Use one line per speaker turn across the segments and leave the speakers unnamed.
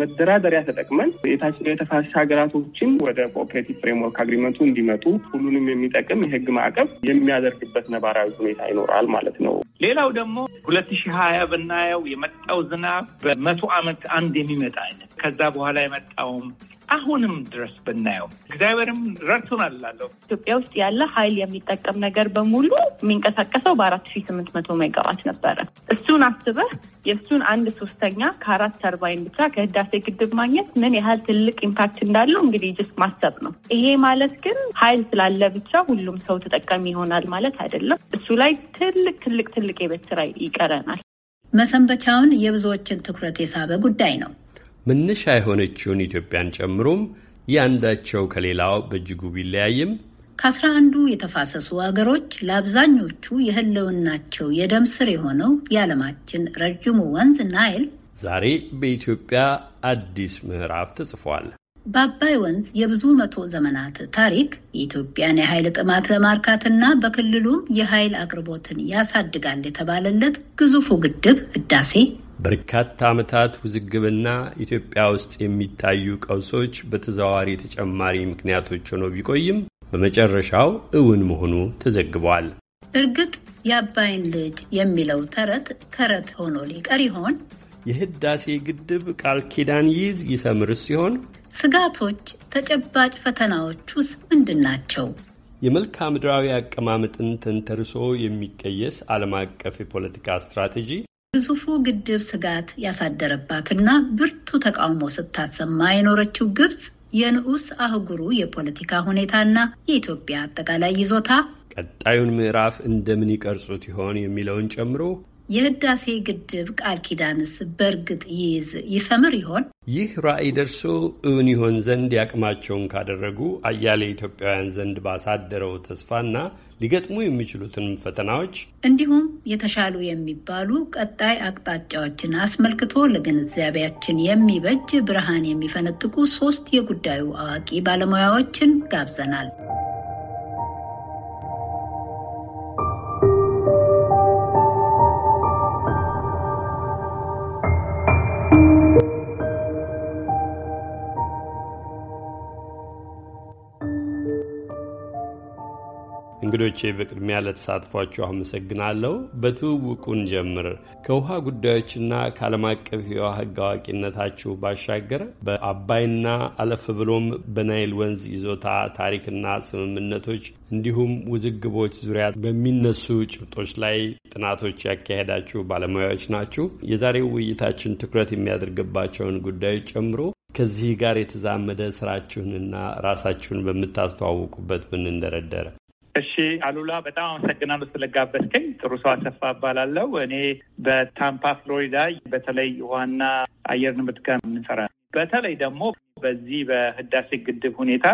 መደራደሪያ ተጠቅመን የታችኛው የተፋሰስ ሀገራቶችን ወደ ኮኦፕሬቲቭ ፍሬምወርክ አግሪመንቱ እንዲመጡ ሁሉንም የሚጠቅም የህግ ማዕቀፍ የሚያደርግበት ነባራዊ ሁኔታ ይኖራል ማለት ነው።
ሌላው ደግሞ ሁለት ሺህ ሀያ ብናየው የመጣው ዝናብ በመቶ ዓመት አንድ የሚመጣ አይነት ከዛ በኋላ የመጣውም አሁንም ድረስ ብናየው እግዚአብሔርም ረድቶናል እላለሁ።
ኢትዮጵያ ውስጥ ያለ ኃይል የሚጠቀም ነገር በሙሉ የሚንቀሳቀሰው በአራት ሺ ስምንት መቶ ሜጋዋት ነበረ። እሱን አስበህ የእሱን አንድ ሶስተኛ ከአራት ተርባይን ብቻ ከህዳሴ ግድብ ማግኘት ምን ያህል ትልቅ ኢምፓክት እንዳለው እንግዲህ ጅስ ማሰብ ነው። ይሄ ማለት ግን ኃይል ስላለ ብቻ ሁሉም ሰው ተጠቃሚ ይሆናል ማለት
አይደለም። እሱ ላይ ትልቅ ትልቅ ትልቅ የቤት ስራ ይቀረናል። መሰንበቻውን የብዙዎችን ትኩረት የሳበ ጉዳይ ነው።
መነሻ የሆነችውን ኢትዮጵያን ጨምሮም ያንዳቸው ከሌላው በእጅጉ ቢለያይም
ከአስራ አንዱ የተፋሰሱ አገሮች ለአብዛኞቹ የህልውናቸው የደም ስር የሆነው የዓለማችን ረጅሙ ወንዝ ናይል
ዛሬ በኢትዮጵያ አዲስ ምዕራፍ ተጽፏል።
በአባይ ወንዝ የብዙ መቶ ዘመናት ታሪክ የኢትዮጵያን የኃይል ጥማት ለማርካትና በክልሉም የኃይል አቅርቦትን ያሳድጋል የተባለለት ግዙፉ ግድብ ህዳሴ
በርካታ ዓመታት ውዝግብና ኢትዮጵያ ውስጥ የሚታዩ ቀውሶች በተዘዋዋሪ ተጨማሪ ምክንያቶች ሆኖ ቢቆይም በመጨረሻው እውን መሆኑ ተዘግቧል።
እርግጥ የአባይን ልጅ የሚለው ተረት ተረት ሆኖ ሊቀር ይሆን?
የህዳሴ ግድብ ቃል ኪዳን ይዝ ይሰምርስ ሲሆን
ስጋቶች፣ ተጨባጭ ፈተናዎች ውስጥ ምንድን ናቸው?
የመልካ ምድራዊ አቀማመጥን ተንተርሶ የሚቀየስ ዓለም አቀፍ የፖለቲካ ስትራቴጂ
ግዙፉ ግድብ ስጋት ያሳደረባትና ብርቱ ተቃውሞ ስታሰማ የኖረችው ግብፅ የንዑስ አህጉሩ የፖለቲካ ሁኔታና የኢትዮጵያ አጠቃላይ ይዞታ
ቀጣዩን ምዕራፍ እንደምን ይቀርጹት ይሆን የሚለውን ጨምሮ
የህዳሴ ግድብ ቃል ኪዳንስ በእርግጥ ይይዝ ይሰምር ይሆን?
ይህ ራዕይ ደርሶ እውን ይሆን ዘንድ ያቅማቸውን ካደረጉ አያሌ ኢትዮጵያውያን ዘንድ ባሳደረው ተስፋና ሊገጥሙ የሚችሉትን ፈተናዎች
እንዲሁም የተሻሉ የሚባሉ ቀጣይ አቅጣጫዎችን አስመልክቶ ለግንዛቤያችን የሚበጅ ብርሃን የሚፈነጥቁ ሶስት የጉዳዩ አዋቂ ባለሙያዎችን ጋብዘናል።
እንግዶቼ በቅድሚያ ለተሳትፏችሁ አመሰግናለሁ። በትውውቁን ጀምር ከውሃ ጉዳዮችና ከዓለም አቀፍ የውሃ ሕግ አዋቂነታችሁ ባሻገር በአባይና አለፍ ብሎም በናይል ወንዝ ይዞታ ታሪክና ስምምነቶች እንዲሁም ውዝግቦች ዙሪያ በሚነሱ ጭብጦች ላይ ጥናቶች ያካሄዳችሁ ባለሙያዎች ናችሁ። የዛሬው ውይይታችን ትኩረት የሚያደርግባቸውን ጉዳዮች ጨምሮ ከዚህ ጋር የተዛመደ ስራችሁንና ራሳችሁን በምታስተዋውቁበት ብንንደረደር
እሺ አሉላ በጣም አመሰግናለሁ ስለጋበዝከኝ። ጥሩ ሰው አሰፋ እባላለሁ። እኔ በታምፓ ፍሎሪዳ በተለይ ውሃና አየር ንብረት ጋር የምንሰራ በተለይ ደግሞ በዚህ በህዳሴ ግድብ ሁኔታ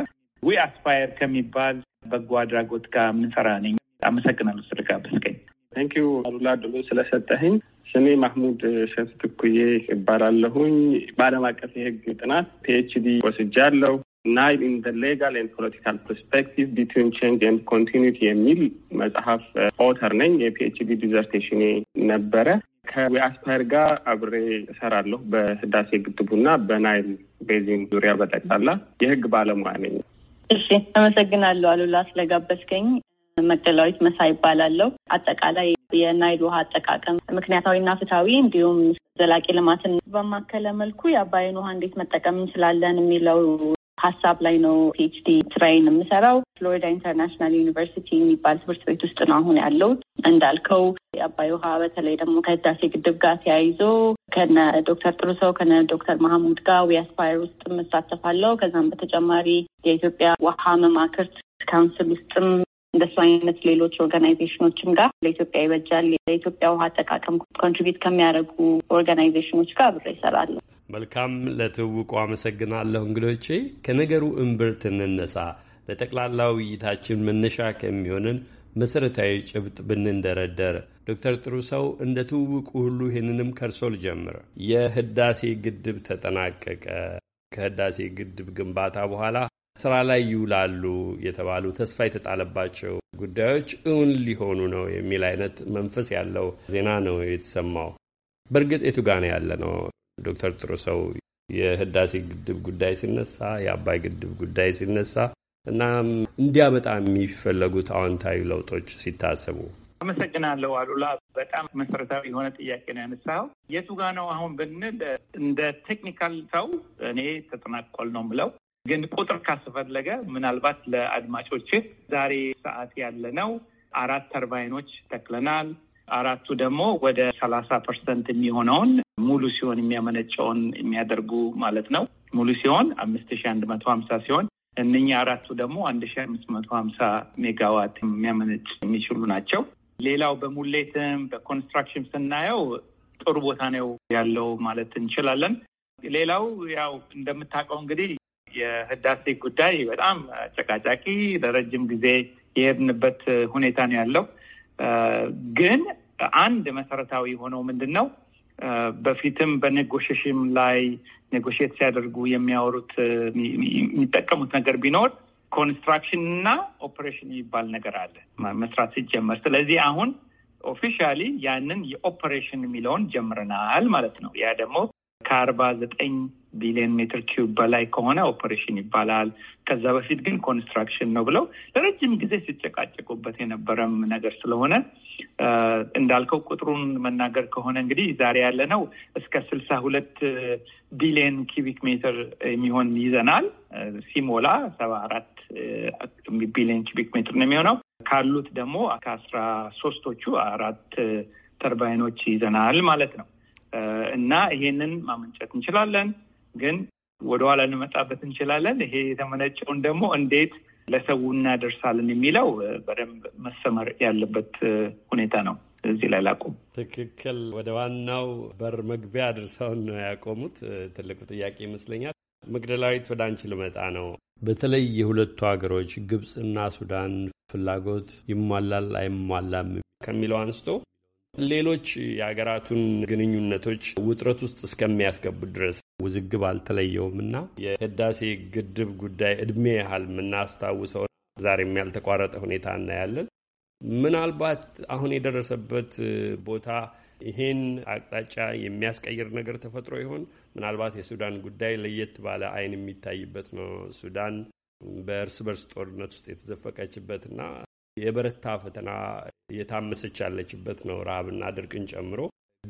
ዊ አስፓየር ከሚባል በጎ አድራጎት ጋር የምንሰራ ነኝ። አመሰግናለሁ ስለጋበዝከኝ። ታንኪዩ አሉላ ድሎ ስለሰጠህኝ። ስሜ ማህሙድ ሸፍትኩዬ
ትኩዬ ይባላለሁኝ። በዓለም አቀፍ የህግ ጥናት ፒኤችዲ ወስጃለሁ። ናይል ኢን ዘ ሌጋል ኤንድ ፖለቲካል ፐርስፔክቲቭ ቢትዊን ቼንጅ ኤንድ ኮንቲኒቲ የሚል መጽሐፍ ኦተር uh, ነኝ። የፒኤችዲ ዲዘርቴሽን ነበረ። ከዊአስፓየር ጋር አብሬ እሰራለሁ። በህዳሴ ግድቡና በናይል ቤዚን ዙሪያ በጠቅላላ የህግ ባለሙያ ነኝ።
እሺ፣ አመሰግናለሁ አሉላ ስለጋበዝከኝ። መቅደላዊት መሳይ ይባላለሁ። አጠቃላይ የናይል ውሃ አጠቃቀም ምክንያታዊና ፍትሐዊ እንዲሁም ዘላቂ ልማትን በማከለ መልኩ የአባይን ውሃ እንዴት መጠቀም እንችላለን የሚለው ሀሳብ ላይ ነው ፒኤችዲ ስራዬን የምሰራው። ፍሎሪዳ ኢንተርናሽናል ዩኒቨርሲቲ የሚባል ትምህርት ቤት ውስጥ ነው አሁን ያለሁት። እንዳልከው የአባይ ውሃ በተለይ ደግሞ ከህዳሴ ግድብ ጋር ተያይዞ ከነ ዶክተር ጥሩሰው ከነ ዶክተር መሀሙድ ጋር ዊያስፓየር ውስጥ የምሳተፋለው። ከዛም በተጨማሪ የኢትዮጵያ ውሃ መማክርት ካውንስል ውስጥም እንደሱ አይነት ሌሎች ኦርጋናይዜሽኖችም ጋር ለኢትዮጵያ ይበጃል ለኢትዮጵያ ውሃ አጠቃቀም ኮንትሪቢዩት ከሚያደርጉ ኦርጋናይዜሽኖች ጋር አብሬ እሰራለሁ።
መልካም፣ ለትውውቁ አመሰግናለሁ። እንግዶቼ ከነገሩ እምብርት እንነሳ። ለጠቅላላ ውይይታችን መነሻ ከሚሆንን መሰረታዊ ጭብጥ ብንንደረደር፣ ዶክተር ጥሩ ሰው እንደ ትውውቁ ሁሉ ይህንንም ከርሶ ልጀምር። የህዳሴ ግድብ ተጠናቀቀ። ከህዳሴ ግድብ ግንባታ በኋላ ስራ ላይ ይውላሉ የተባሉ ተስፋ የተጣለባቸው ጉዳዮች እውን ሊሆኑ ነው የሚል አይነት መንፈስ ያለው ዜና ነው የተሰማው። በእርግጥ የቱ ጋና ያለ ነው? ዶክተር ጥሩሰው የህዳሴ ግድብ ጉዳይ ሲነሳ፣ የአባይ ግድብ ጉዳይ ሲነሳ እና እንዲያመጣ የሚፈለጉት አዎንታዊ ለውጦች ሲታሰቡ
አመሰግናለሁ አሉላ። በጣም መሰረታዊ የሆነ ጥያቄ ነው ያነሳው። የቱ ጋ ነው አሁን ብንል እንደ ቴክኒካል ሰው እኔ ተጠናቆል ነው ምለው። ግን ቁጥር ካስፈለገ ምናልባት ለአድማጮች ዛሬ ሰዓት ያለ ነው አራት ተርባይኖች ተክለናል። አራቱ ደግሞ ወደ ሰላሳ ፐርሰንት የሚሆነውን ሙሉ ሲሆን የሚያመነጨውን የሚያደርጉ ማለት ነው። ሙሉ ሲሆን አምስት ሺ አንድ መቶ ሀምሳ ሲሆን እነኛ አራቱ ደግሞ አንድ ሺ አምስት መቶ ሀምሳ ሜጋዋት የሚያመነጭ የሚችሉ ናቸው። ሌላው በሙሌትም በኮንስትራክሽን ስናየው ጥሩ ቦታ ነው ያለው ማለት እንችላለን። ሌላው ያው እንደምታውቀው እንግዲህ የህዳሴ ጉዳይ በጣም አጨቃጫቂ ለረጅም ጊዜ የሄድንበት ሁኔታ ነው ያለው። ግን አንድ መሰረታዊ የሆነው ምንድን ነው በፊትም በኔጎሽሽም ላይ ኔጎሽት ሲያደርጉ የሚያወሩት የሚጠቀሙት ነገር ቢኖር ኮንስትራክሽን እና ኦፕሬሽን የሚባል ነገር አለ መስራት ሲጀመር። ስለዚህ አሁን ኦፊሻሊ ያንን የኦፕሬሽን የሚለውን ጀምረናል ማለት ነው። ያ ደግሞ ከአርባ ዘጠኝ ቢሊዮን ሜትር ኪዩብ በላይ ከሆነ ኦፐሬሽን ይባላል። ከዛ በፊት ግን ኮንስትራክሽን ነው ብለው ለረጅም ጊዜ ሲጨቃጨቁበት የነበረም ነገር ስለሆነ እንዳልከው ቁጥሩን መናገር ከሆነ እንግዲህ ዛሬ ያለ ነው እስከ ስልሳ ሁለት ቢሊዮን ኪቢክ ሜትር የሚሆን ይዘናል። ሲሞላ ሰባ አራት ቢሊዮን ኪቢክ ሜትር ነው የሚሆነው። ካሉት ደግሞ ከአስራ ሶስቶቹ አራት ተርባይኖች ይዘናል ማለት ነው እና ይሄንን ማመንጨት እንችላለን። ግን ወደኋላ እንመጣበት እንችላለን። ይሄ የተመነጨውን ደግሞ እንዴት ለሰው እናደርሳለን የሚለው በደንብ መሰመር ያለበት ሁኔታ ነው። እዚህ ላይ ላቁም።
ትክክል። ወደ ዋናው በር መግቢያ አድርሰውን ነው ያቆሙት። ትልቁ ጥያቄ ይመስለኛል። መግደላዊት፣ ወደ አንቺ ልመጣ ነው። በተለይ የሁለቱ ሀገሮች ግብፅና ሱዳን ፍላጎት ይሟላል አይሟላም ከሚለው አንስቶ ሌሎች የሀገራቱን ግንኙነቶች ውጥረት ውስጥ እስከሚያስገቡ ድረስ ውዝግብ አልተለየውም እና የህዳሴ ግድብ ጉዳይ እድሜ ያህል የምናስታውሰው ዛሬም ያልተቋረጠ ሁኔታ እናያለን። ምናልባት አሁን የደረሰበት ቦታ ይሄን አቅጣጫ የሚያስቀይር ነገር ተፈጥሮ ይሆን? ምናልባት የሱዳን ጉዳይ ለየት ባለ አይን የሚታይበት ነው። ሱዳን በእርስ በርስ ጦርነት ውስጥ የተዘፈቀችበትና የበረታ ፈተና እየታመሰች ያለችበት ነው፣ ረሃብና ድርቅን ጨምሮ።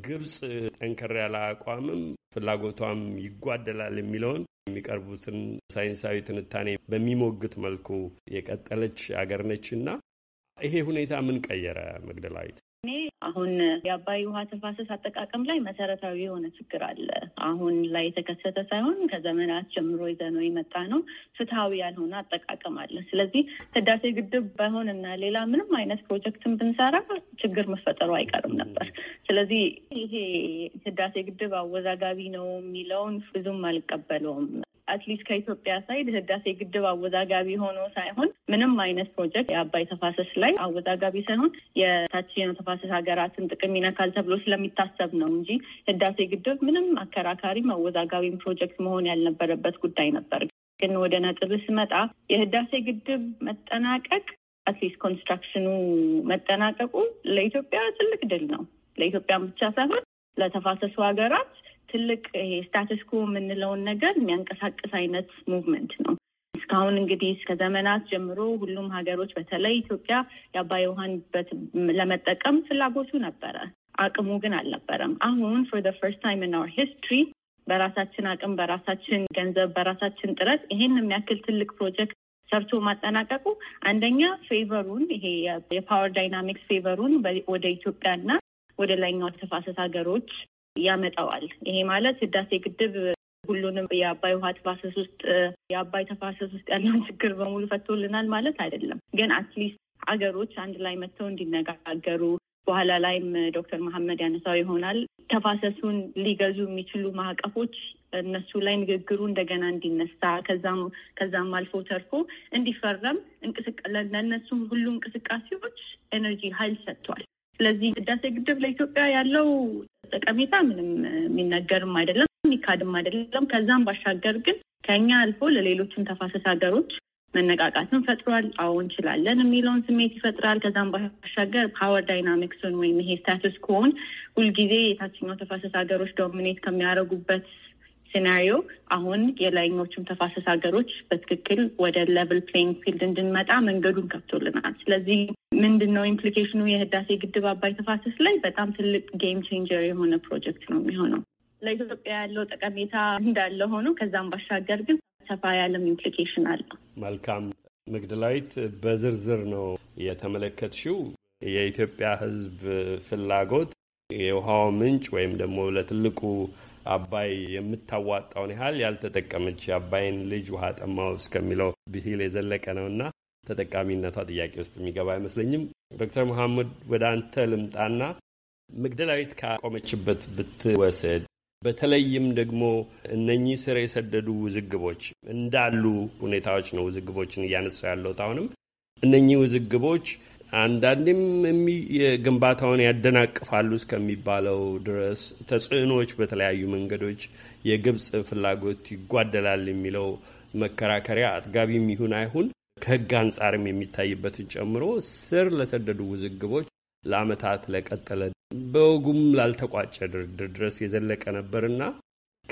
ግብጽ ጠንከር ያለ አቋምም ፍላጎቷም ይጓደላል የሚለውን የሚቀርቡትን ሳይንሳዊ ትንታኔ በሚሞግት መልኩ የቀጠለች አገር ነች እና ይሄ ሁኔታ ምን ቀየረ መግደላዊት?
እኔ አሁን የአባይ ውሃ ተፋሰስ አጠቃቀም ላይ መሰረታዊ የሆነ ችግር አለ። አሁን ላይ የተከሰተ ሳይሆን ከዘመናት ጀምሮ ይዘነው የመጣ ነው። ፍትሐዊ ያልሆነ አጠቃቀም አለ። ስለዚህ ህዳሴ ግድብ ባይሆን እና ሌላ ምንም አይነት ፕሮጀክትን ብንሰራ ችግር መፈጠሩ አይቀርም ነበር። ስለዚህ ይሄ ህዳሴ ግድብ አወዛጋቢ ነው የሚለውን ብዙም አልቀበለውም። አትሊስት ከኢትዮጵያ ሳይድ ህዳሴ ግድብ አወዛጋቢ ሆኖ ሳይሆን ምንም አይነት ፕሮጀክት የአባይ ተፋሰስ ላይ አወዛጋቢ ሳይሆን የታችኛው ተፋሰስ ሀገራትን ጥቅም ይነካል ተብሎ ስለሚታሰብ ነው እንጂ ህዳሴ ግድብ ምንም አከራካሪም አወዛጋቢም ፕሮጀክት መሆን ያልነበረበት ጉዳይ ነበር። ግን ወደ ነጥብ ስመጣ የህዳሴ ግድብ መጠናቀቅ አትሊስት ኮንስትራክሽኑ መጠናቀቁ ለኢትዮጵያ ትልቅ ድል ነው። ለኢትዮጵያ ብቻ ሳይሆን ለተፋሰሱ ሀገራት ትልቅ ይሄ ስታትስ ኮ የምንለውን ነገር የሚያንቀሳቅስ አይነት ሙቭመንት ነው። እስካሁን እንግዲህ እስከ ዘመናት ጀምሮ ሁሉም ሀገሮች በተለይ ኢትዮጵያ የአባይ ውሃን ለመጠቀም ፍላጎቱ ነበረ፣ አቅሙ ግን አልነበረም። አሁን ፎር ዘ ፈርስት ታይም ኢን አወር ሂስትሪ በራሳችን አቅም፣ በራሳችን ገንዘብ፣ በራሳችን ጥረት ይሄን የሚያክል ትልቅ ፕሮጀክት ሰርቶ ማጠናቀቁ አንደኛ ፌቨሩን ይሄ የፓወር ዳይናሚክስ ፌቨሩን ወደ ኢትዮጵያና ወደ ላይኛው ተፋሰስ ሀገሮች ያመጣዋል። ይሄ ማለት ህዳሴ ግድብ ሁሉንም የአባይ ውሃ ተፋሰስ ውስጥ የአባይ ተፋሰስ ውስጥ ያለውን ችግር በሙሉ ፈቶልናል ማለት አይደለም። ግን አትሊስት አገሮች አንድ ላይ መጥተው እንዲነጋገሩ በኋላ ላይም ዶክተር መሐመድ ያነሳው ይሆናል ተፋሰሱን ሊገዙ የሚችሉ ማዕቀፎች እነሱ ላይ ንግግሩ እንደገና እንዲነሳ ከዛም ከዛም አልፎ ተርፎ እንዲፈረም ለእነሱም ሁሉ እንቅስቃሴዎች ኤነርጂ ኃይል ሰጥቷል። ስለዚህ ህዳሴ ግድብ ለኢትዮጵያ ያለው ጠቀሜታ ምንም የሚነገርም አይደለም የሚካድም አይደለም። ከዛም ባሻገር ግን ከኛ አልፎ ለሌሎችም ተፋሰስ ሀገሮች መነቃቃትን ፈጥሯል። አዎ እንችላለን የሚለውን ስሜት ይፈጥራል። ከዛም ባሻገር ፓወር ዳይናሚክስን ወይም ይሄ ስታትስ ኮን ሁልጊዜ የታችኛው ተፋሰስ ሀገሮች ዶሚኔት ከሚያደርጉበት ሲናሪዮ አሁን የላይኞቹም ተፋሰስ ሀገሮች በትክክል ወደ ሌቭል ፕሌይንግ ፊልድ እንድንመጣ መንገዱን ከፍቶልናል። ስለዚህ ምንድን ነው ኢምፕሊኬሽኑ? የህዳሴ ግድብ አባይ ተፋሰስ ላይ በጣም ትልቅ ጌም ቼንጀር የሆነ ፕሮጀክት ነው የሚሆነው። ለኢትዮጵያ ያለው ጠቀሜታ እንዳለ ሆኖ ከዛም ባሻገር ግን ሰፋ ያለም ኢምፕሊኬሽን አለው።
መልካም መግደላዊት፣ በዝርዝር ነው የተመለከትሽው የኢትዮጵያ ህዝብ ፍላጎት የውሃው ምንጭ ወይም ደግሞ ለትልቁ አባይ የምታዋጣውን ያህል ያልተጠቀመች የአባይን ልጅ ውሃ ጠማው እስከሚለው ብሂል የዘለቀ ነውና ተጠቃሚነቷ ጥያቄ ውስጥ የሚገባ አይመስለኝም። ዶክተር መሐመድ ወደ አንተ ልምጣና መግደላዊት ካቆመችበት ብትወሰድ በተለይም ደግሞ እነኚህ ስር የሰደዱ ውዝግቦች እንዳሉ ሁኔታዎች ነው። ውዝግቦችን እያነሳ ያለሁት አሁንም እነኚህ ውዝግቦች አንዳንድም ግንባታውን ያደናቅፋሉ እስከሚባለው ድረስ ተጽዕኖዎች በተለያዩ መንገዶች የግብፅ ፍላጎት ይጓደላል የሚለው መከራከሪያ አጥጋቢም ይሁን አይሁን ከሕግ አንጻርም የሚታይበትን ጨምሮ ስር ለሰደዱ ውዝግቦች ለአመታት ለቀጠለ በወጉም ላልተቋጨ ድርድር ድረስ የዘለቀ ነበርና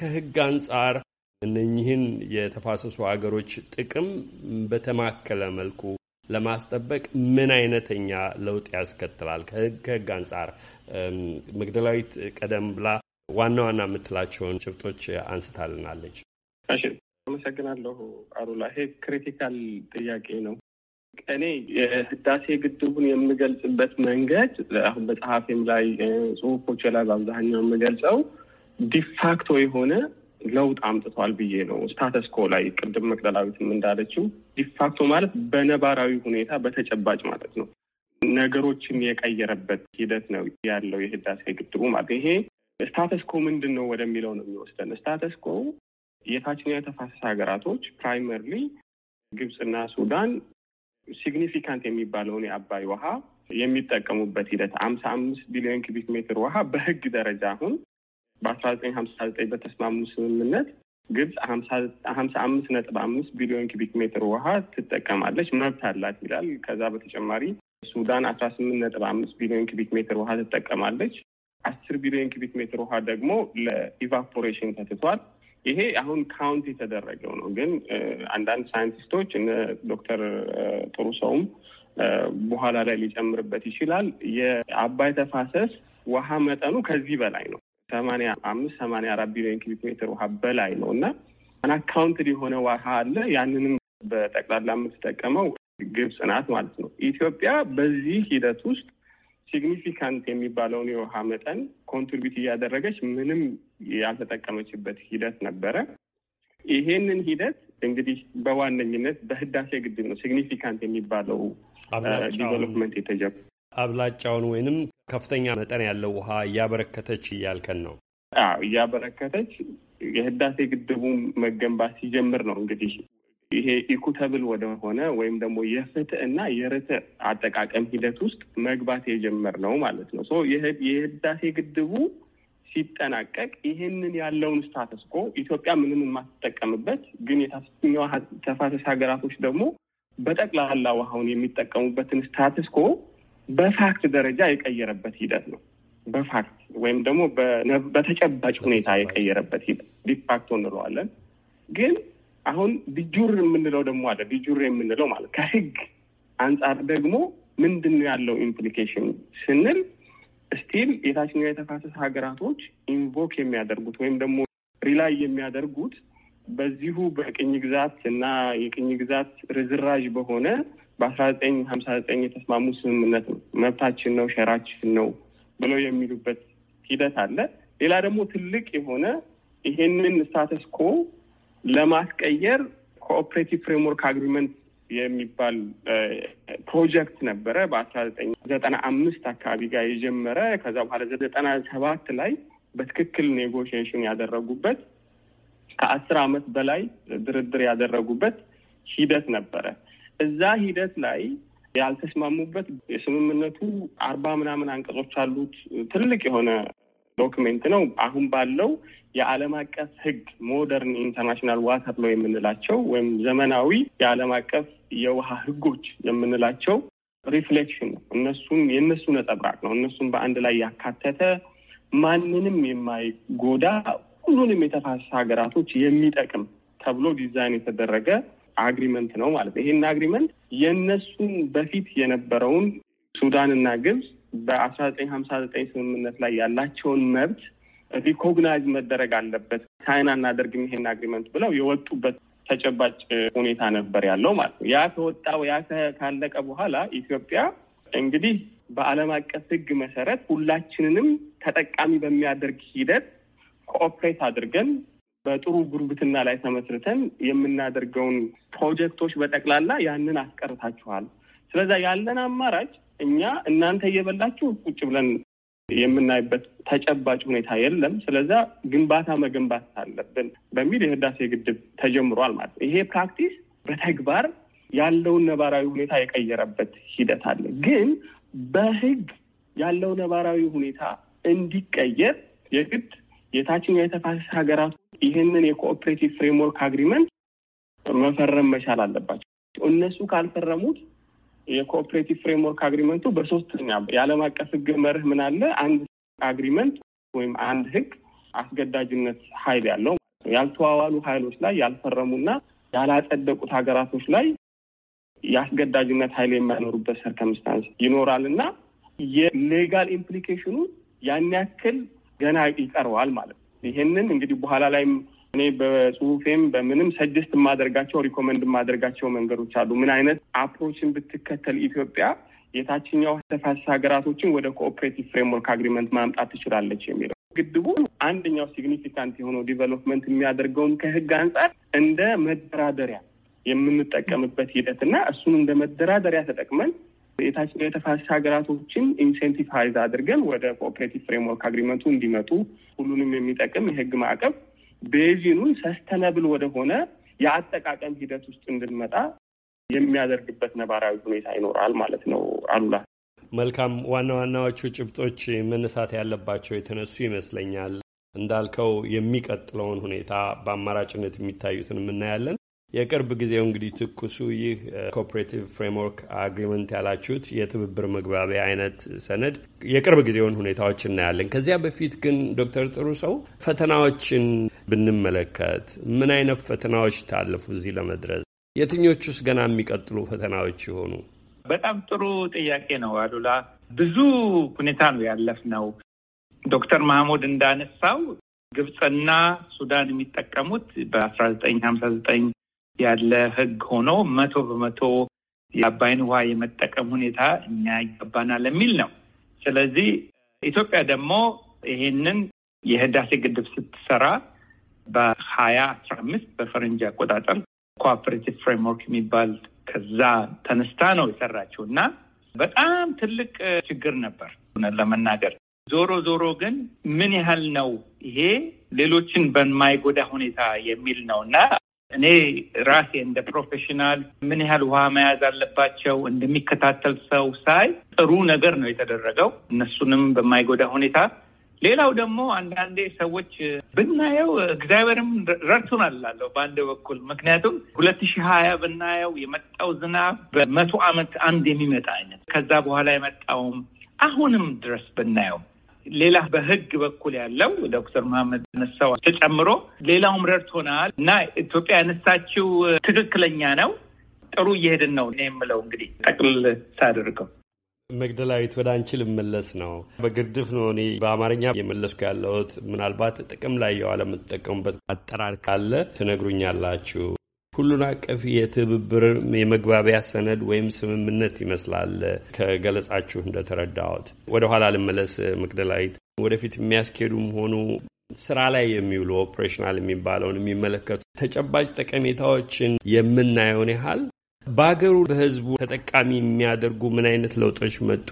ከሕግ አንጻር እነኚህን የተፋሰሱ አገሮች ጥቅም በተማከለ መልኩ ለማስጠበቅ ምን አይነተኛ ለውጥ ያስከትላል? ከህግ ህግ አንጻር መግደላዊት ቀደም ብላ ዋና ዋና የምትላቸውን ጭብጦች አንስታልናለች።
እሺ፣ አመሰግናለሁ አሩላ። ይሄ ክሪቲካል ጥያቄ ነው። እኔ የህዳሴ ግድቡን የምገልጽበት መንገድ አሁን በጸሐፊም ላይ ጽሁፎች ላይ በአብዛኛው የምገልጸው ዲፋክቶ የሆነ ለውጥ አምጥቷል ብዬ ነው። ስታተስ ኮ ላይ ቅድም መቅደላዊትም እንዳለችው ዲፋክቶ ማለት በነባራዊ ሁኔታ በተጨባጭ ማለት ነው። ነገሮችን የቀየረበት ሂደት ነው ያለው የህዳሴ ግድቡ ማለት ይሄ ኮ ምንድን ነው ወደሚለው ነው የሚወስደን። ስታተስኮ የታችኛው የተፋሰስ ሀገራቶች ፕራይመርሊ ግብፅና ሱዳን ሲግኒፊካንት የሚባለውን የአባይ ውሃ የሚጠቀሙበት ሂደት አምሳ አምስት ቢሊዮን ኪቢክ ሜትር ውሃ በህግ ደረጃ አሁን በአስራ ዘጠኝ ሀምሳ ዘጠኝ በተስማሙ ስምምነት ግብጽ ሀምሳ አምስት ነጥብ አምስት ቢሊዮን ኪቢክ ሜትር ውሃ ትጠቀማለች፣ መብት አላት ይላል። ከዛ በተጨማሪ ሱዳን አስራ ስምንት ነጥብ አምስት ቢሊዮን ኪቢክ ሜትር ውሃ ትጠቀማለች። አስር ቢሊዮን ኪቢክ ሜትር ውሃ ደግሞ ለኢቫፖሬሽን ተትቷል። ይሄ አሁን ካውንት የተደረገው ነው። ግን አንዳንድ ሳይንቲስቶች እነ ዶክተር ጥሩ ሰውም በኋላ ላይ ሊጨምርበት ይችላል። የአባይ ተፋሰስ ውሃ መጠኑ ከዚህ በላይ ነው። ሰማኒያ አምስት ሰማኒያ አራት ቢሊዮን ኪዩቢክ ሜትር ውሃ በላይ ነው እና አናካውንትድ የሆነ ውሃ አለ። ያንንም በጠቅላላ የምትጠቀመው ግብጽ ናት ማለት ነው። ኢትዮጵያ በዚህ ሂደት ውስጥ ሲግኒፊካንት የሚባለውን የውሃ መጠን ኮንትሪቢዩት እያደረገች ምንም ያልተጠቀመችበት ሂደት ነበረ። ይሄንን ሂደት እንግዲህ በዋነኝነት በህዳሴ ግድብ ነው ሲግኒፊካንት የሚባለው ዲቨሎፕመንት የተጀመረው።
አብላጫውን ወይንም ከፍተኛ መጠን ያለው ውሃ እያበረከተች እያልከን ነው? አዎ እያበረከተች
የህዳሴ ግድቡ መገንባት ሲጀምር ነው እንግዲህ ይሄ ኢኩተብል ወደሆነ ወይም ደግሞ የፍትህ እና የርትዕ አጠቃቀም ሂደት ውስጥ መግባት የጀመር ነው ማለት ነው። የህዳሴ ግድቡ ሲጠናቀቅ ይህንን ያለውን ስታተስኮ ኢትዮጵያ ምንም የማትጠቀምበት ግን የታችኛው ተፋሰስ ሀገራቶች ደግሞ በጠቅላላ ውሃውን የሚጠቀሙበትን ስታተስ ኮ በፋክት ደረጃ የቀየረበት ሂደት ነው። በፋክት ወይም ደግሞ በተጨባጭ ሁኔታ የቀየረበት ሂደት ዲፋክቶ እንለዋለን። ግን አሁን ዲጁር የምንለው ደግሞ አለ። ዲጁር የምንለው ማለት ከህግ አንጻር ደግሞ ምንድን ያለው ኢምፕሊኬሽን ስንል ስቲል የታችኛው የተፋሰስ ሀገራቶች ኢንቮክ የሚያደርጉት ወይም ደግሞ ሪላይ የሚያደርጉት በዚሁ በቅኝ ግዛት እና የቅኝ ግዛት ርዝራዥ በሆነ በአስራ ዘጠኝ ሀምሳ ዘጠኝ የተስማሙ ስምምነት ነው፣ መብታችን ነው፣ ሸራችን ነው ብለው የሚሉበት ሂደት አለ። ሌላ ደግሞ ትልቅ የሆነ ይሄንን ኮ ለማስቀየር ኮኦፕሬቲቭ ፍሬምወርክ አግሪመንት የሚባል ፕሮጀክት eh, ነበረ በአስራ ዘጠኝ ዘጠና አምስት አካባቢ ጋር የጀመረ ከዛ በኋላ ዘጠና ሰባት ላይ በትክክል ኔጎሽዬሽን ያደረጉበት ከአስር አመት በላይ ድርድር ያደረጉበት ሂደት ነበረ። እዛ ሂደት ላይ ያልተስማሙበት የስምምነቱ አርባ ምናምን አንቀጾች አሉት። ትልቅ የሆነ ዶክሜንት ነው። አሁን ባለው የዓለም አቀፍ ሕግ ሞደርን ኢንተርናሽናል ዋተር ብለው የምንላቸው ወይም ዘመናዊ የዓለም አቀፍ የውሃ ሕጎች የምንላቸው ሪፍሌክሽን ነው። እነሱን የእነሱ ነጠብራቅ ነው። እነሱን በአንድ ላይ ያካተተ ማንንም የማይጎዳ ሁሉንም የተፋሰስ ሀገራቶች የሚጠቅም ተብሎ ዲዛይን የተደረገ አግሪመንት ነው ማለት ነው። ይሄን አግሪመንት የእነሱን በፊት የነበረውን ሱዳንና ግብጽ በአስራ ዘጠኝ ሀምሳ ዘጠኝ ስምምነት ላይ ያላቸውን መብት ሪኮግናይዝ መደረግ አለበት፣ ቻይና እናደርግም ይሄን አግሪመንት ብለው የወጡበት ተጨባጭ ሁኔታ ነበር ያለው ማለት ነው። ያ ከወጣው ያ ካለቀ በኋላ ኢትዮጵያ እንግዲህ በዓለም አቀፍ ሕግ መሰረት ሁላችንንም ተጠቃሚ በሚያደርግ ሂደት ኮኦፕሬት አድርገን በጥሩ ጉርብትና ላይ ተመስርተን የምናደርገውን ፕሮጀክቶች በጠቅላላ ያንን አስቀርታችኋል። ስለዛ ያለን አማራጭ እኛ እናንተ እየበላችሁ ቁጭ ብለን የምናይበት ተጨባጭ ሁኔታ የለም። ስለዛ ግንባታ መገንባት አለብን በሚል የህዳሴ ግድብ ተጀምሯል ማለት ነው። ይሄ ፕራክቲስ በተግባር ያለውን ነባራዊ ሁኔታ የቀየረበት ሂደት አለ። ግን በህግ ያለው ነባራዊ ሁኔታ እንዲቀየር የግድ የታችኛው የተፋሰስ ሀገራት ይህንን የኮኦፕሬቲቭ ፍሬምወርክ አግሪመንት መፈረም መቻል አለባቸው። እነሱ ካልፈረሙት የኮኦፕሬቲቭ ፍሬምወርክ አግሪመንቱ በሶስተኛ የዓለም አቀፍ ህግ መርህ ምን አለ? አንድ አግሪመንት ወይም አንድ ህግ አስገዳጅነት ኃይል ያለው ያልተዋዋሉ ኃይሎች ላይ ያልፈረሙና ያላጸደቁት ሀገራቶች ላይ የአስገዳጅነት ኃይል የማይኖሩበት ሰርከምስታንስ ይኖራል እና የሌጋል ኢምፕሊኬሽኑ ያን ያክል ገና ይቀረዋል ማለት ነው። ይሄንን እንግዲህ በኋላ ላይም እኔ በጽሁፌም በምንም ሰጀስት የማደርጋቸው ሪኮመንድ የማደርጋቸው መንገዶች አሉ። ምን አይነት አፕሮችን ብትከተል ኢትዮጵያ የታችኛው ተፋሰስ ሀገራቶችን ወደ ኮኦፕሬቲቭ ፍሬምወርክ አግሪመንት ማምጣት ትችላለች የሚለው ግድቡ አንደኛው ሲግኒፊካንት የሆነው ዲቨሎፕመንት የሚያደርገውም ከህግ አንጻር እንደ መደራደሪያ የምንጠቀምበት ሂደት እና እሱን እንደ መደራደሪያ ተጠቅመን የታችኛው የተፋሰስ ሀገራቶችን ኢንሴንቲቫይዝ አድርገን ወደ ኮኦፕሬቲቭ ፍሬምወርክ አግሪመንቱ እንዲመጡ ሁሉንም የሚጠቅም የህግ ማዕቀብ ቤዚኑን ሰስተነብል ወደሆነ የአጠቃቀም ሂደት ውስጥ እንድንመጣ የሚያደርግበት ነባራዊ ሁኔታ ይኖራል ማለት ነው። አሉላ
መልካም። ዋና ዋናዎቹ ጭብጦች መነሳት ያለባቸው የተነሱ ይመስለኛል። እንዳልከው የሚቀጥለውን ሁኔታ በአማራጭነት የሚታዩትን እናያለን። የቅርብ ጊዜው እንግዲህ ትኩሱ ይህ ኮኦፕሬቲቭ ፍሬምወርክ አግሪመንት ያላችሁት የትብብር መግባቢያ አይነት ሰነድ የቅርብ ጊዜውን ሁኔታዎች እናያለን። ከዚያ በፊት ግን ዶክተር ጥሩ ሰው ፈተናዎችን ብንመለከት ምን አይነት ፈተናዎች ታለፉ እዚህ ለመድረስ? የትኞቹስ ገና የሚቀጥሉ ፈተናዎች ይሆኑ?
በጣም ጥሩ ጥያቄ ነው አሉላ። ብዙ ሁኔታ ነው ያለፍነው። ዶክተር ማህሙድ እንዳነሳው ግብፅና ሱዳን የሚጠቀሙት በአስራ ዘጠኝ ሀምሳ ዘጠኝ ያለ ህግ ሆኖ መቶ በመቶ የአባይን ውሃ የመጠቀም ሁኔታ እኛ ይገባናል የሚል ነው። ስለዚህ ኢትዮጵያ ደግሞ ይሄንን የህዳሴ ግድብ ስትሰራ በሀያ አስራ አምስት በፈረንጅ አቆጣጠር ኮኦፐሬቲቭ ፍሬምወርክ የሚባል ከዛ ተነስታ ነው የሰራችው እና በጣም ትልቅ ችግር ነበር ለመናገር። ዞሮ ዞሮ ግን ምን ያህል ነው ይሄ ሌሎችን በማይጎዳ ሁኔታ የሚል ነው እና እኔ ራሴ እንደ ፕሮፌሽናል ምን ያህል ውሃ መያዝ አለባቸው እንደሚከታተል ሰው ሳይ ጥሩ ነገር ነው የተደረገው፣ እነሱንም በማይጎዳ ሁኔታ። ሌላው ደግሞ አንዳንዴ ሰዎች ብናየው እግዚአብሔርም ረድቶናል እላለሁ በአንድ በኩል ምክንያቱም ሁለት ሺህ ሀያ ብናየው የመጣው ዝናብ በመቶ ዓመት አንድ የሚመጣ አይነት ከዛ በኋላ የመጣውም አሁንም ድረስ ብናየው ሌላ በህግ በኩል ያለው ዶክተር መሐመድ ነሳው ተጨምሮ ሌላውም ረድቶናል እና ኢትዮጵያ ያነሳችው ትክክለኛ ነው። ጥሩ እየሄድን ነው የምለው እንግዲህ ጠቅልል ሳደርገው
መግደላዊት ወደ አንቺ ልመለስ ነው። በግርድፍ ነው እኔ በአማርኛ የመለስኩ ያለሁት። ምናልባት ጥቅም ላይ የዋለ የምትጠቀሙበት አጠራር ካለ ትነግሩኛላችሁ። ሁሉን አቀፍ የትብብር የመግባቢያ ሰነድ ወይም ስምምነት ይመስላል ከገለጻችሁ እንደተረዳሁት። ወደኋላ ልመለስ መቅደላዊት፣ ወደፊት የሚያስኬዱ መሆኑ ስራ ላይ የሚውሉ ኦፕሬሽናል የሚባለውን የሚመለከቱ ተጨባጭ ጠቀሜታዎችን የምናየውን ያህል በሀገሩ በህዝቡ ተጠቃሚ የሚያደርጉ ምን አይነት ለውጦች መጡ?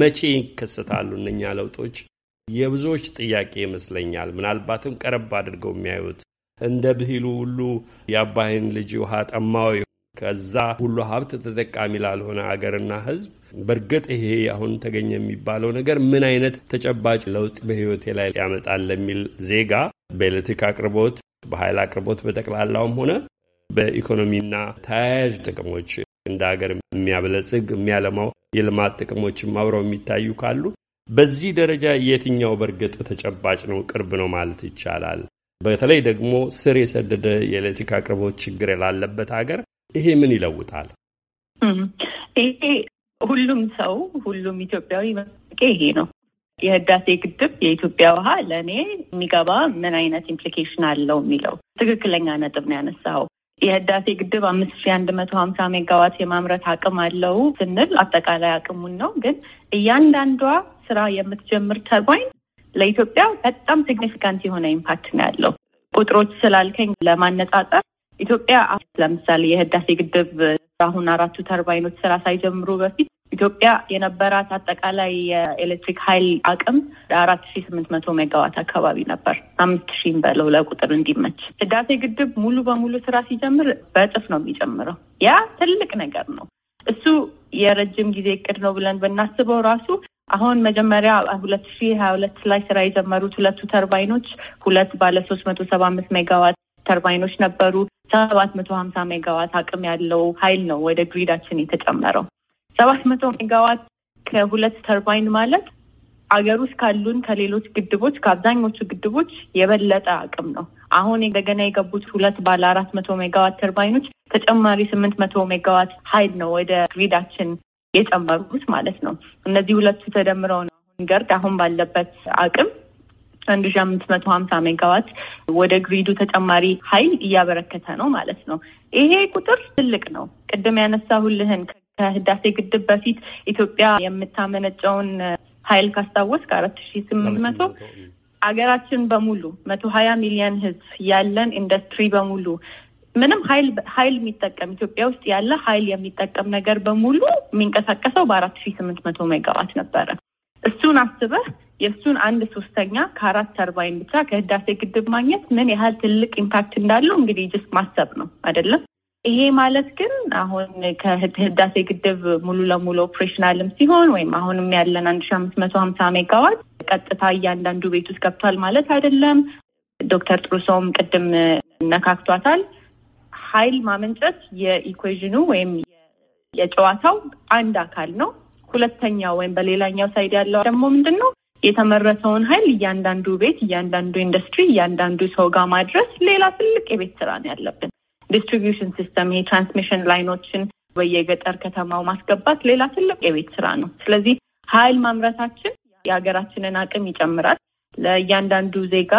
መቼ ይከሰታሉ እነኛ ለውጦች? የብዙዎች ጥያቄ ይመስለኛል። ምናልባትም ቀረብ አድርገው የሚያዩት እንደ ብሂሉ ሁሉ የአባይን ልጅ ውሃ ጠማው። ከዛ ሁሉ ሀብት ተጠቃሚ ላልሆነ አገርና ሕዝብ በእርግጥ ይሄ አሁን ተገኘ የሚባለው ነገር ምን አይነት ተጨባጭ ለውጥ በህይወቴ ላይ ያመጣል ለሚል ዜጋ በኤሌክትሪክ አቅርቦት፣ በኃይል አቅርቦት በጠቅላላውም ሆነ በኢኮኖሚና ተያያዥ ጥቅሞች እንደ ሀገር የሚያበለጽግ የሚያለማው የልማት ጥቅሞችም አብረው የሚታዩ ካሉ በዚህ ደረጃ የትኛው በእርግጥ ተጨባጭ ነው ቅርብ ነው ማለት ይቻላል? በተለይ ደግሞ ስር የሰደደ የኤሌክትሪክ አቅርቦት ችግር ላለበት ሀገር ይሄ ምን ይለውጣል?
ይሄ ሁሉም ሰው ሁሉም ኢትዮጵያዊ መጠቄ ይሄ ነው። የህዳሴ ግድብ የኢትዮጵያ ውሃ ለእኔ የሚገባ ምን አይነት ኢምፕሊኬሽን አለው የሚለው ትክክለኛ ነጥብ ነው ያነሳው። የህዳሴ ግድብ አምስት ሺ አንድ መቶ ሀምሳ ሜጋዋት የማምረት አቅም አለው ስንል አጠቃላይ አቅሙን ነው። ግን እያንዳንዷ ስራ የምትጀምር ተርባይን ለኢትዮጵያ በጣም ሲግኒፊካንት የሆነ ኢምፓክት ነው ያለው። ቁጥሮች ስላልከኝ ለማነጻጸር ኢትዮጵያ ለምሳሌ የህዳሴ ግድብ አሁን አራቱ ተርባይኖች ስራ ሳይጀምሩ በፊት ኢትዮጵያ የነበራት አጠቃላይ የኤሌክትሪክ ኃይል አቅም አራት ሺ ስምንት መቶ ሜጋዋት አካባቢ ነበር። አምስት ሺህም በለው ለቁጥር እንዲመች። ህዳሴ ግድብ ሙሉ በሙሉ ስራ ሲጀምር በእጥፍ ነው የሚጨምረው። ያ ትልቅ ነገር ነው። እሱ የረጅም ጊዜ እቅድ ነው ብለን ብናስበው ራሱ አሁን መጀመሪያ ሁለት ሺህ ሀያ ሁለት ላይ ስራ የጀመሩት ሁለቱ ተርባይኖች ሁለት ባለ ሶስት መቶ ሰባ አምስት ሜጋዋት ተርባይኖች ነበሩ። ሰባት መቶ ሀምሳ ሜጋዋት አቅም ያለው ሀይል ነው ወደ ግሪዳችን የተጨመረው። ሰባት መቶ ሜጋዋት ከሁለት ተርባይን ማለት አገር ውስጥ ካሉን ከሌሎች ግድቦች ከአብዛኞቹ ግድቦች የበለጠ አቅም ነው። አሁን እንደገና የገቡት ሁለት ባለ አራት መቶ ሜጋዋት ተርባይኖች ተጨማሪ ስምንት መቶ ሜጋዋት ሀይል ነው ወደ ግሪዳችን የጨመሩት ማለት ነው። እነዚህ ሁለቱ ተደምረው ነው አሁን ገርድ አሁን ባለበት አቅም አንድ ሺ አምስት መቶ ሀምሳ ሜጋዋት ወደ ግሪዱ ተጨማሪ ኃይል እያበረከተ ነው ማለት ነው። ይሄ ቁጥር ትልቅ ነው። ቅድም ያነሳሁልህን ከህዳሴ ግድብ በፊት ኢትዮጵያ የምታመነጨውን ኃይል ካስታወስ ከአራት ሺ ስምንት መቶ አገራችን በሙሉ መቶ ሀያ ሚሊዮን ህዝብ ያለን ኢንዱስትሪ በሙሉ ምንም ሀይል ሀይል የሚጠቀም ኢትዮጵያ ውስጥ ያለ ሀይል የሚጠቀም ነገር በሙሉ የሚንቀሳቀሰው በአራት ሺ ስምንት መቶ ሜጋዋት ነበረ። እሱን አስበህ የእሱን አንድ ሶስተኛ ከአራት ተርባይን ብቻ ከህዳሴ ግድብ ማግኘት ምን ያህል ትልቅ ኢምፓክት እንዳለው እንግዲህ ጅስ ማሰብ ነው አይደለም። ይሄ ማለት ግን አሁን ከህዳሴ ግድብ ሙሉ ለሙሉ ኦፕሬሽናልም ሲሆን ወይም አሁንም ያለን አንድ ሺ አምስት መቶ ሀምሳ ሜጋዋት ቀጥታ እያንዳንዱ ቤት ውስጥ ገብቷል ማለት አይደለም። ዶክተር ጥሩሰውም ቅድም ነካክቷታል። ኃይል ማመንጨት የኢኩዌዥኑ ወይም የጨዋታው አንድ አካል ነው። ሁለተኛ ወይም በሌላኛው ሳይድ ያለው ደግሞ ምንድን ነው? የተመረተውን ኃይል እያንዳንዱ ቤት፣ እያንዳንዱ ኢንዱስትሪ፣ እያንዳንዱ ሰው ጋር ማድረስ ሌላ ትልቅ የቤት ስራ ነው ያለብን። ዲስትሪቢሽን ሲስተም ይሄ ትራንስሚሽን ላይኖችን በየገጠር ከተማው ማስገባት ሌላ ትልቅ የቤት ስራ ነው። ስለዚህ ኃይል ማምረታችን የሀገራችንን አቅም ይጨምራል። ለእያንዳንዱ ዜጋ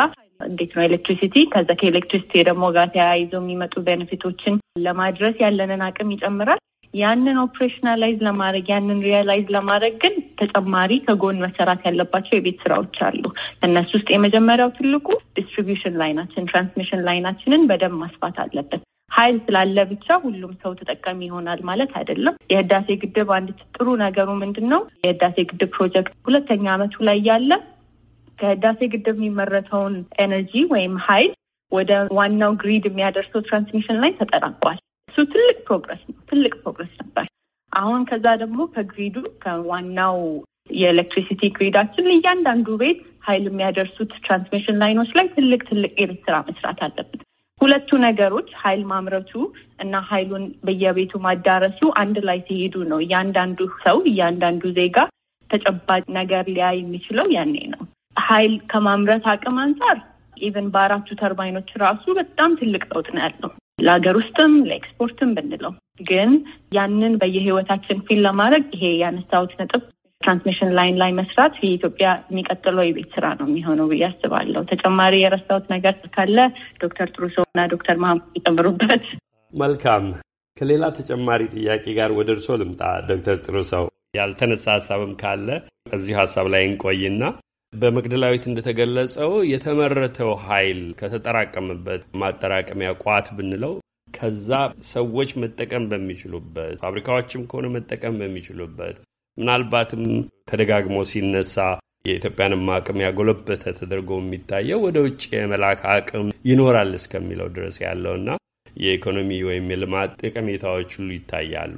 እንዴት ነው ኤሌክትሪሲቲ ከዛ ከኤሌክትሪሲቲ ደግሞ ጋር ተያይዞ የሚመጡ ቤኔፊቶችን ለማድረስ ያለንን አቅም ይጨምራል። ያንን ኦፕሬሽናላይዝ ለማድረግ ያንን ሪያላይዝ ለማድረግ ግን ተጨማሪ ከጎን መሰራት ያለባቸው የቤት ስራዎች አሉ። ከእነሱ ውስጥ የመጀመሪያው ትልቁ ዲስትሪቢሽን ላይናችን፣ ትራንስሚሽን ላይናችንን በደንብ ማስፋት አለብን። ኃይል ስላለ ብቻ ሁሉም ሰው ተጠቃሚ ይሆናል ማለት አይደለም። የህዳሴ ግድብ አንድ ጥሩ ነገሩ ምንድን ነው? የህዳሴ ግድብ ፕሮጀክት ሁለተኛ ዓመቱ ላይ ያለ ከህዳሴ ግድብ የሚመረተውን ኤነርጂ ወይም ሀይል ወደ ዋናው ግሪድ የሚያደርሰው ትራንስሚሽን ላይ ተጠናቋል። እሱ ትልቅ ፕሮግረስ ነው፣ ትልቅ ፕሮግረስ ነበር። አሁን ከዛ ደግሞ ከግሪዱ ከዋናው የኤሌክትሪሲቲ ግሪዳችን እያንዳንዱ ቤት ሀይል የሚያደርሱት ትራንስሚሽን ላይኖች ላይ ትልቅ ትልቅ የቤት ስራ መስራት አለብን። ሁለቱ ነገሮች ሀይል ማምረቱ እና ሀይሉን በየቤቱ ማዳረሱ አንድ ላይ ሲሄዱ ነው እያንዳንዱ ሰው እያንዳንዱ ዜጋ ተጨባጭ ነገር ሊያይ የሚችለው ያኔ ነው። ኃይል ከማምረት አቅም አንጻር ኢቨን በአራቱ ተርባይኖች ራሱ በጣም ትልቅ ለውጥ ነው ያለው ለሀገር ውስጥም ለኤክስፖርትም ብንለው ግን ያንን በየህይወታችን ፊል ለማድረግ ይሄ ያነሳሁት ነጥብ ትራንስሚሽን ላይን ላይ መስራት የኢትዮጵያ የሚቀጥለው የቤት ስራ ነው የሚሆነው ብዬ አስባለሁ። ተጨማሪ የረሳሁት ነገር ካለ ዶክተር ጥሩሶ እና ዶክተር መሀመድ ይጨምሩበት።
መልካም። ከሌላ ተጨማሪ ጥያቄ ጋር ወደ እርሶ ልምጣ ዶክተር ጥሩሰው። ያልተነሳ ሀሳብም ካለ እዚሁ ሀሳብ ላይ እንቆይና በመግደላዊት እንደተገለጸው የተመረተው ኃይል ከተጠራቀመበት ማጠራቀሚያ ቋት ብንለው ከዛ ሰዎች መጠቀም በሚችሉበት ፋብሪካዎችም ከሆነ መጠቀም በሚችሉበት ምናልባትም ተደጋግሞ ሲነሳ የኢትዮጵያንም አቅም ያጎለበተ ተደርጎ የሚታየው ወደ ውጭ የመላክ አቅም ይኖራል እስከሚለው ድረስ ያለውና የኢኮኖሚ ወይም የልማት ጠቀሜታዎች ሁሉ ይታያሉ።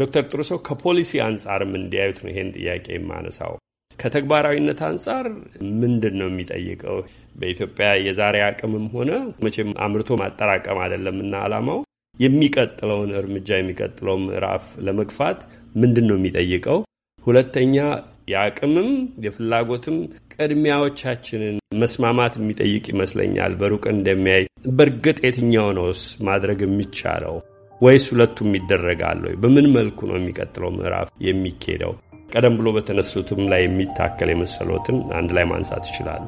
ዶክተር ጥሩሰው ከፖሊሲ አንጻርም እንዲያዩት ነው ይሄን ጥያቄ የማነሳው። ከተግባራዊነት አንጻር ምንድን ነው የሚጠይቀው? በኢትዮጵያ የዛሬ አቅምም ሆነ መቼም አምርቶ ማጠራቀም አይደለምና አላማው የሚቀጥለውን እርምጃ የሚቀጥለው ምዕራፍ ለመግፋት ምንድን ነው የሚጠይቀው? ሁለተኛ የአቅምም የፍላጎትም ቅድሚያዎቻችንን መስማማት የሚጠይቅ ይመስለኛል። በሩቅ እንደሚያይ በእርግጥ የትኛው ነውስ ማድረግ የሚቻለው ወይስ ሁለቱም ይደረጋል ወይ? በምን መልኩ ነው የሚቀጥለው ምዕራፍ የሚኬደው? ቀደም ብሎ በተነሱትም ላይ የሚታከል የመሰሎትን አንድ ላይ ማንሳት ይችላል።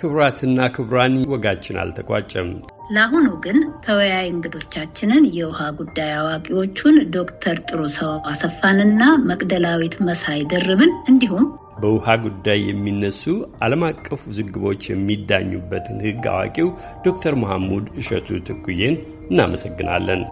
ክቡራትና ክቡራን፣ ወጋችን አልተቋጨም።
ለአሁኑ ግን ተወያይ እንግዶቻችንን የውሃ ጉዳይ አዋቂዎቹን ዶክተር ጥሩ ሰው አሰፋንና መቅደላዊት መሳይ ደርብን እንዲሁም
በውሃ ጉዳይ የሚነሱ ዓለም አቀፍ ውዝግቦች የሚዳኙበትን ሕግ አዋቂው ዶክተር መሐሙድ እሸቱ ትኩዬን እናመሰግናለን።